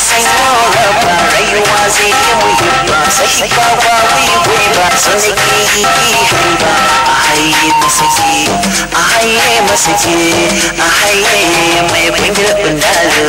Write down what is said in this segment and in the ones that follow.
sanyo ba rayuwa zai yi muhimma saki ba ba wiwi ba ke yi hari ba a haye masaki a haye masaki a haye mai bangirɓin dalil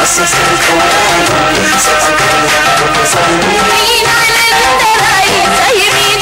قصص الكوابي صدق الله مين على المدراية سايبين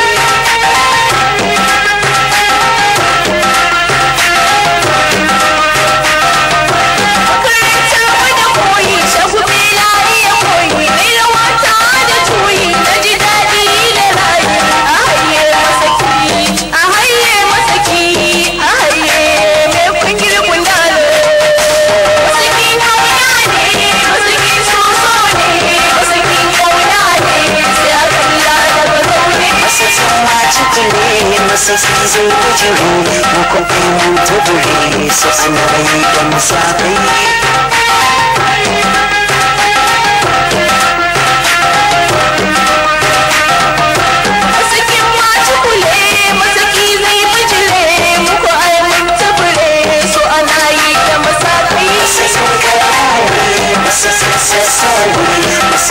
su bujuru muku fili tuburi su anayi da musabai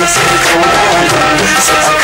Sassan kawai, sassan